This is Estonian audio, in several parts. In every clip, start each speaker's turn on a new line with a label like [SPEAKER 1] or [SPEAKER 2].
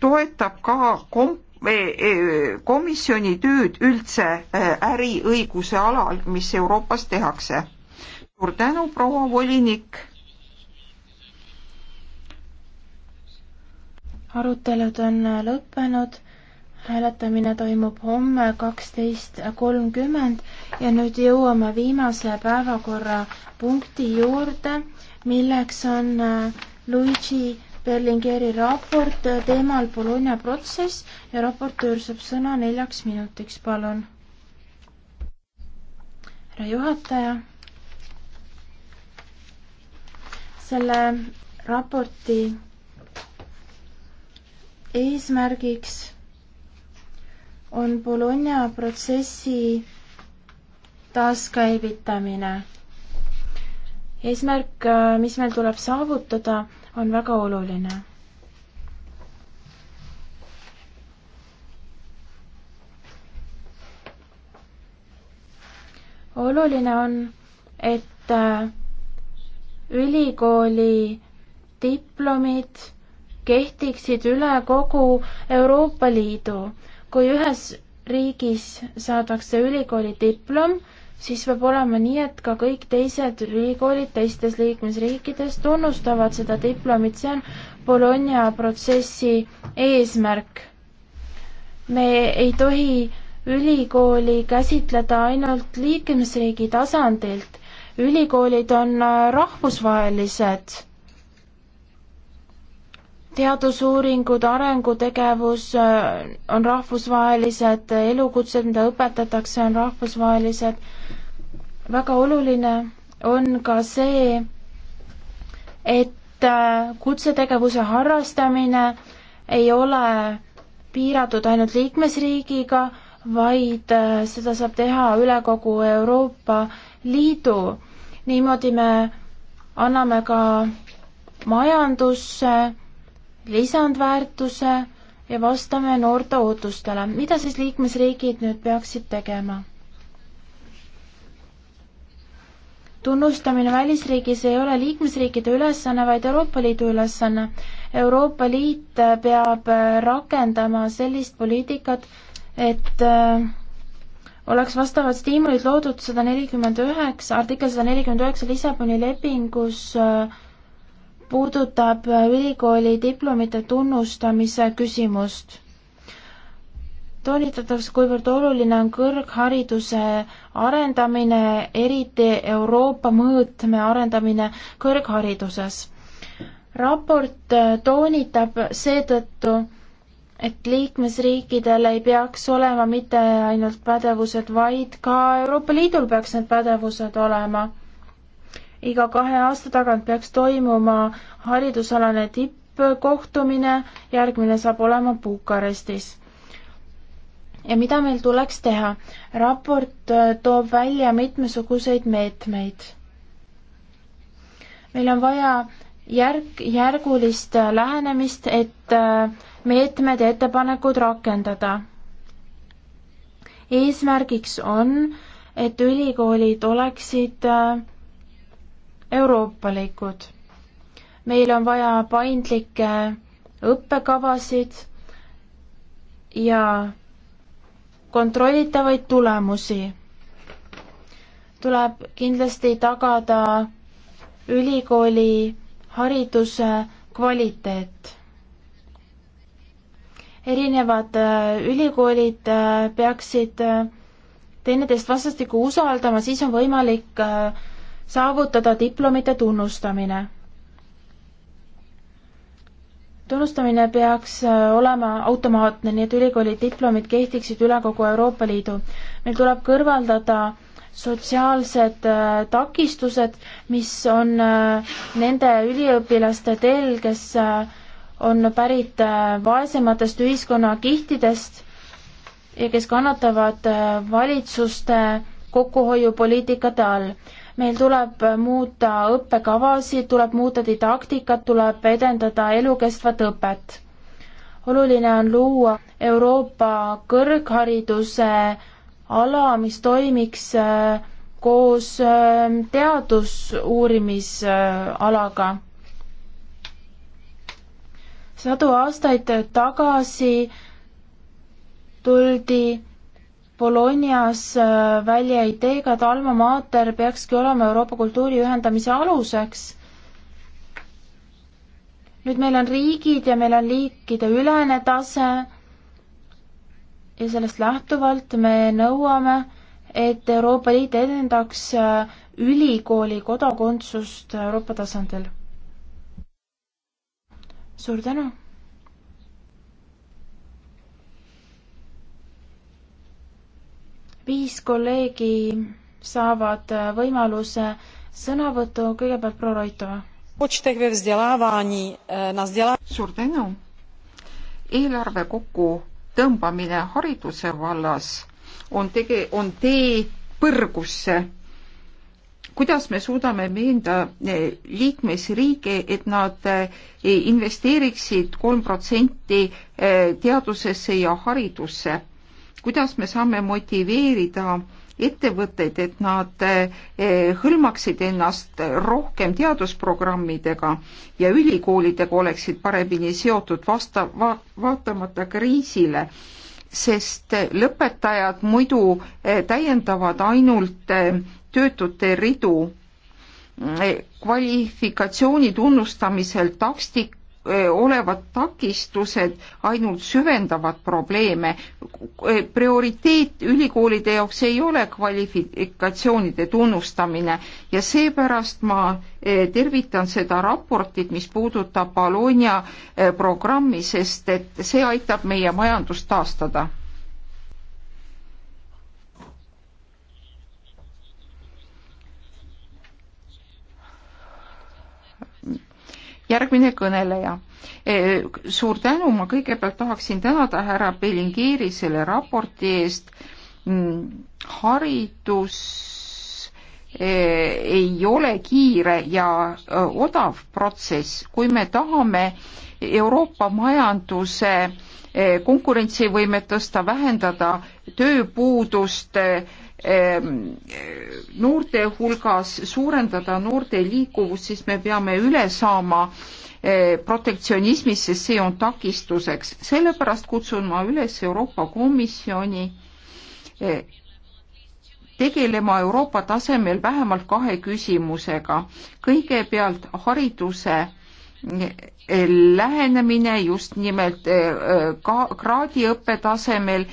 [SPEAKER 1] toetab ka kom-, e, e, komisjoni tööd üldse e, äriõiguse alal, mis Euroopas tehakse. suur tänu, proua
[SPEAKER 2] volinik. arutelud on lõppenud, hääletamine toimub homme kaksteist kolmkümmend ja nüüd jõuame viimase päevakorrapunkti juurde, milleks on äh, Luigi Berlingeri raport äh, teemal Bologna protsess ja raportöör saab sõna neljaks minutiks, palun. härra juhataja. selle raporti eesmärgiks on Bologna protsessi taaskäivitamine eesmärk, äh, mis meil tuleb saavutada, on väga oluline. oluline on, et äh, ülikooli diplomid kehtiksid üle kogu Euroopa Liidu. kui ühes riigis saadakse ülikooli diplom, siis peab olema nii, et ka kõik teised ülikoolid teistes liikmesriikides tunnustavad seda diplomit, see on Bologna protsessi eesmärk. me ei tohi ülikooli käsitleda ainult liikmesriigi tasandilt, ülikoolid on rahvusvahelised. teadusuuringud, arengutegevus äh, on rahvusvahelised, elukutsed, mida õpetatakse, on rahvusvahelised väga oluline on ka see, et äh, kutsetegevuse harrastamine ei ole piiratud ainult liikmesriigiga, vaid äh, seda saab teha üle kogu Euroopa Liidu. niimoodi me anname ka majandusse lisandväärtuse ja vastame noorte ootustele. mida siis liikmesriigid nüüd peaksid tegema? tunnustamine välisriigis ei ole liikmesriikide ülesanne, vaid Euroopa Liidu ülesanne. Euroopa Liit peab äh, rakendama sellist poliitikat, et äh, oleks vastavad stiimulid loodud sada nelikümmend üheksa, artikkel sada nelikümmend üheksa Lissaboni lepingus äh, puudutab ülikooli diplomite tunnustamise küsimust toonitatav, kuivõrd oluline on kõrghariduse arendamine, eriti Euroopa mõõtme arendamine kõrghariduses. raport äh, toonitab seetõttu, et liikmesriikidel ei peaks olema mitte ainult pädevused, vaid ka Euroopa Liidul peaks need pädevused olema. iga kahe aasta tagant peaks toimuma haridusalane tippkohtumine, järgmine saab olema Bukarestis ja mida meil tuleks teha. raport äh, toob välja mitmesuguseid meetmeid. meil on vaja järk, järgulist äh, lähenemist, et äh, meetmed ja ettepanekud rakendada. eesmärgiks on, et ülikoolid oleksid euroopalikud. meil on vaja paindlikke õppekavasid ja kontrollitavaid tulemusi. tuleb kindlasti tagada ülikooli hariduse kvaliteet. erinevad äh, ülikoolid äh, peaksid äh, teineteist vastastikku usaldama, siis on võimalik saavutada diplomite tunnustamine tunnustamine peaks äh, olema automaatne, nii et ülikooli diplomid kehtiksid üle kogu Euroopa Liidu. meil tuleb kõrvaldada sotsiaalsed äh, takistused, mis on äh, nende üliõpilaste teel, kes on pärit vaesematest ühiskonnakihtidest ja kes kannatavad valitsuste kokkuhoiupoliitikate all meil tuleb muuta õppekavasid, tuleb muuta didaktikat, tuleb edendada elukestvat õpet. oluline on luua Euroopa kõrghariduse ala, mis toimiks äh, koos äh, teadusuurimisalaga. sadu aastaid tagasi tuldi Bolognas äh, välja ideega, et Alma Mater peakski olema Euroopa kultuuri ühendamise aluseks. nüüd meil on riigid ja meil on liikide ülene tase ja sellest lähtuvalt me nõuame, et Euroopa Liit edendaks äh, ülikooli kodakondsust Euroopa tasandil. suur tänu! viis kolleegi saavad äh, võimaluse sõnavõtu, kõigepealt proua Roitova.
[SPEAKER 1] Äh, suur tänu. eelarve kokkutõmbamine hariduse vallas on tege-, on tee põrgusse. kuidas me suudame veenda äh, liikmesriige, et nad investeeriksid kolm protsenti teadusesse ja haridusse? kuidas me saame motiveerida ettevõtteid, et nad eh, hõlmaksid ennast rohkem teadusprogrammidega ja ülikoolidega oleksid paremini seotud vasta- va,, vaatamata kriisile, sest lõpetajad muidu eh, täiendavad ainult eh, töötute ridu kvalifikatsiooni tunnustamisel takstik, olevad takistused ainult süvendavad probleeme. prioriteet ülikoolide jaoks ei ole kvalifikatsioonide tunnustamine ja seepärast ma tervitan seda raportit, mis puudutab Bologna programmi, sest et see aitab meie majandust taastada järgmine kõneleja. Eh, suur tänu, ma kõigepealt tahaksin tänada härra Bellingeeri selle raporti eest. Mm, haridus eh, ei ole kiire ja eh, odav protsess, kui me tahame Euroopa majanduse konkurentsivõimet tõsta, vähendada tööpuudust, Ehm, noorte hulgas suurendada noorte liikuvust, siis me peame üle saama eh, protektsionismist, sest see on takistuseks. sellepärast kutsun ma üles Euroopa Komisjoni eh, tegelema Euroopa tasemel vähemalt kahe küsimusega. kõigepealt hariduse eh, lähenemine just nimelt ka kraadiõppe tasemel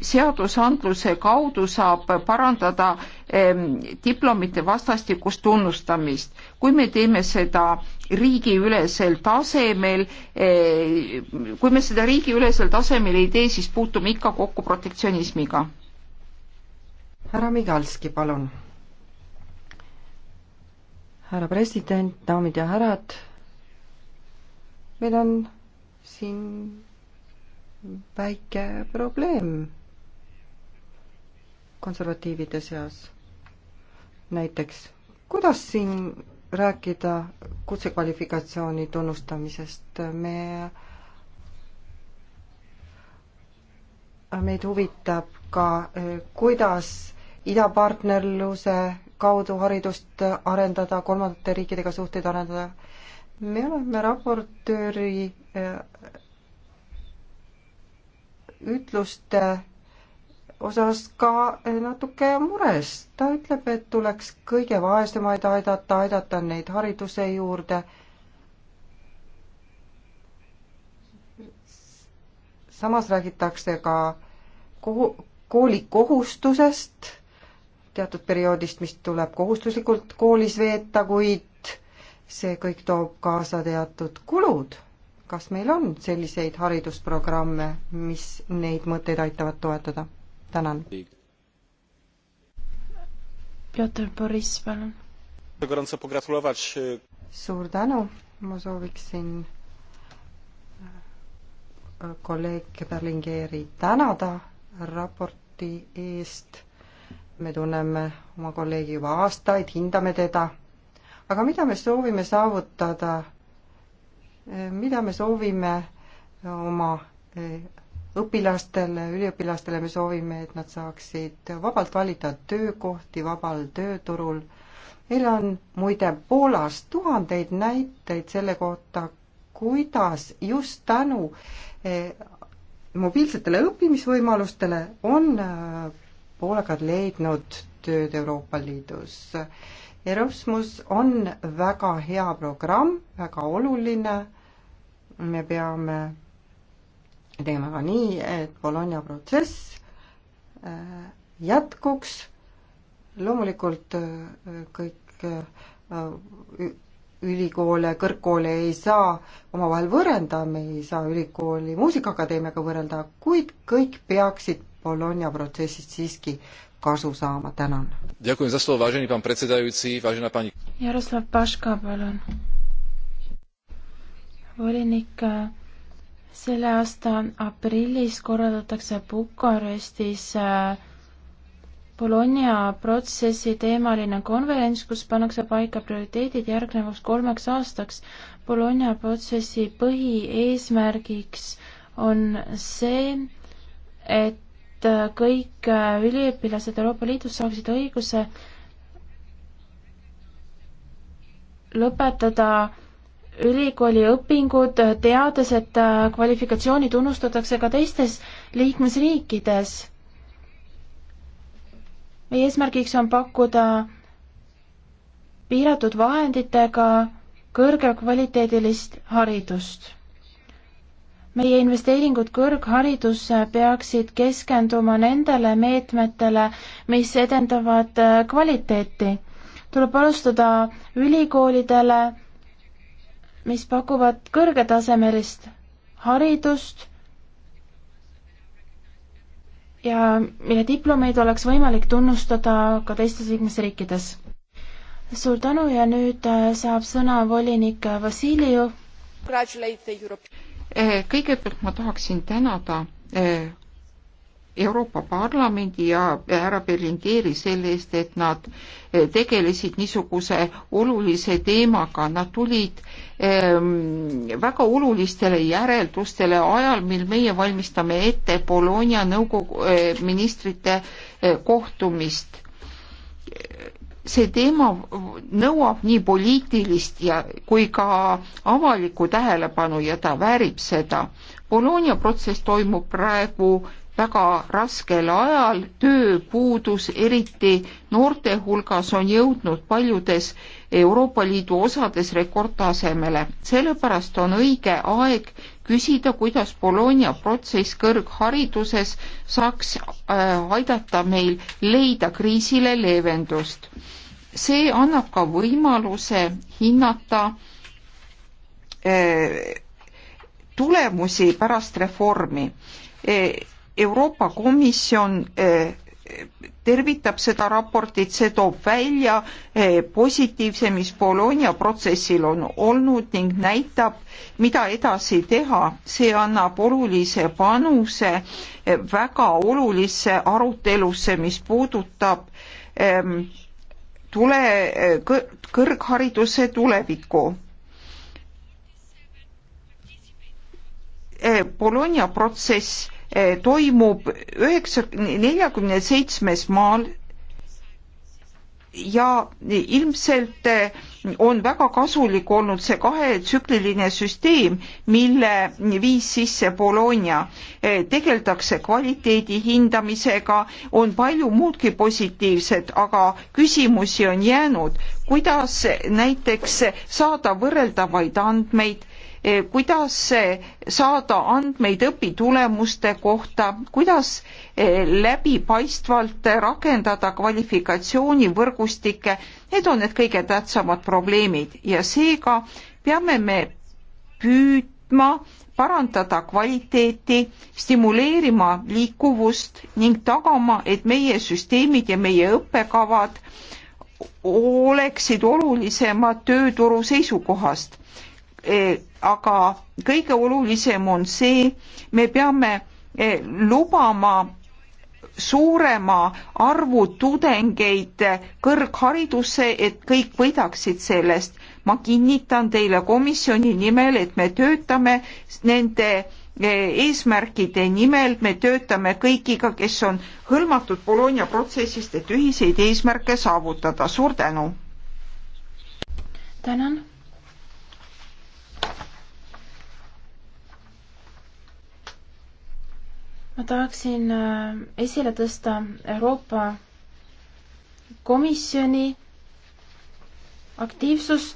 [SPEAKER 1] seadusandluse kaudu saab parandada ehm, diplomite vastastikust tunnustamist. kui me teeme seda riigiülesel tasemel, ehm, kui me seda riigiülesel tasemel ei tee, siis puutume ikka kokku protektsionismiga. härra Migalski, palun.
[SPEAKER 3] härra president, daamid ja härrad, meil on siin väike probleem konservatiivide seas. näiteks, kuidas siin rääkida kutsekvalifikatsiooni tunnustamisest, me meid huvitab ka, eh, kuidas idapartnerluse kaudu haridust arendada, kolmandate riikidega suhteid arendada. me oleme raportööri eh, ütluste osas ka eh, natuke mures. ta ütleb, et tuleks kõige vaesemaid aidata, aidata neid hariduse juurde. samas räägitakse ka kooli kohustusest, teatud perioodist, mis tuleb kohustuslikult koolis veeta, kuid see kõik toob kaasa teatud kulud kas meil on selliseid haridusprogramme, mis neid mõtteid aitavad toetada? tänan. Piotr Boriss, palun. E, suur tänu, ma sooviksin e, kolleeg Berlingeri tänada raporti eest. me tunneme oma kolleegi juba aastaid, hindame teda. aga mida me soovime saavutada? E, mida me soovime oma õpilastele, üliõpilastele me soovime, et nad saaksid vabalt valida töökohti vabal tööturul. meil on muide Poolas tuhandeid näiteid selle kohta, kuidas just tänu eh, mobiilsetele õppimisvõimalustele on eh, poolakad leidnud tööd Euroopa Liidus. Erasmus on väga hea programm, väga oluline. me peame tegema ka nii, et Bologna protsess äh, jätkuks. loomulikult äh, kõik äh, ülikoole, kõrgkoole ei saa omavahel võrrelda, me ei saa ülikooli Muusikaakadeemiaga võrrelda, kuid kõik peaksid Bologna protsessist siiski kasu saama, tänan. Jaroslav
[SPEAKER 2] Paška, palun. volinik selle aasta aprillis korraldatakse Bukarestis äh, Bologna protsessi teemaline konverents, kus pannakse paika prioriteedid järgnevaks kolmeks aastaks. Bologna protsessi põhieesmärgiks on see, et äh, kõik äh, üliõpilased Euroopa Liidus saaksid õiguse lõpetada ülikooli õpingud, teades, et äh, kvalifikatsiooni tunnustatakse ka teistes liikmesriikides. meie eesmärgiks on pakkuda piiratud vahenditega kõrgekvaliteedilist haridust. meie investeeringud kõrgharidusse peaksid keskenduma nendele meetmetele, mis edendavad äh, kvaliteeti. tuleb alustada ülikoolidele mis pakuvad kõrgetasemelist haridust ja mille diplomeid oleks võimalik tunnustada ka teistes liikmesriikides. suur tänu ja nüüd äh, saab sõna volinik Vassiljev.
[SPEAKER 1] Eh, kõigepealt ma tahaksin tänada eh, Euroopa Parlamendi ja härra Berlingeri selle eest, et nad eh, tegelesid niisuguse olulise teemaga, nad tulid ähm, väga olulistele järeldustele ajal, mil meie valmistame ette Bologna nõukogu äh, ministrite äh, kohtumist. see teema nõuab nii poliitilist ja, kui ka avalikku tähelepanu ja ta väärib seda. Bologna protsess toimub praegu väga raskel ajal, tööpuudus eriti noorte hulgas on jõudnud paljudes Euroopa Liidu osades rekordtasemele. sellepärast on õige aeg küsida, kuidas Bologna protsess kõrghariduses saaks äh, aidata meil leida kriisile leevendust. see annab ka võimaluse hinnata äh, tulemusi pärast reformi äh, Euroopa Komisjon eh, tervitab seda raportit, see toob välja eh, positiivse, mis Bologna protsessil on olnud ning näitab, mida edasi teha. see annab olulise panuse eh, väga olulisse arutelusse, mis puudutab ehm, tule, kõrghariduse tulevikku Bologna protsess Eh, toimub üheksa, neljakümne seitsmes maal ja ilmselt eh, on väga kasulik olnud see kahetsükliline süsteem, mille viis sisse Bologna. Eh, tegeldakse kvaliteedi hindamisega, on palju muudki positiivset, aga küsimusi on jäänud, kuidas näiteks saada võrreldavaid andmeid Eh, kuidas eh, saada andmeid õpitulemuste kohta, kuidas eh, läbipaistvalt rakendada kvalifikatsioonivõrgustikke, need on need kõige tähtsamad probleemid ja seega peame me püüdma parandada kvaliteeti, stimuleerima liikuvust ning tagama, et meie süsteemid ja meie õppekavad oleksid olulisemad tööturu seisukohast aga kõige olulisem on see, me peame eh, lubama suurema arvu tudengeid eh, kõrgharidusse, et kõik võidaksid sellest. ma kinnitan teile komisjoni nimel, et me töötame nende eh, eesmärkide nimel, me töötame kõigiga, kes on hõlmatud Bologna protsessist, et ühiseid eesmärke saavutada. suur tänu!
[SPEAKER 2] tänan! ma tahaksin äh, esile tõsta Euroopa Komisjoni aktiivsust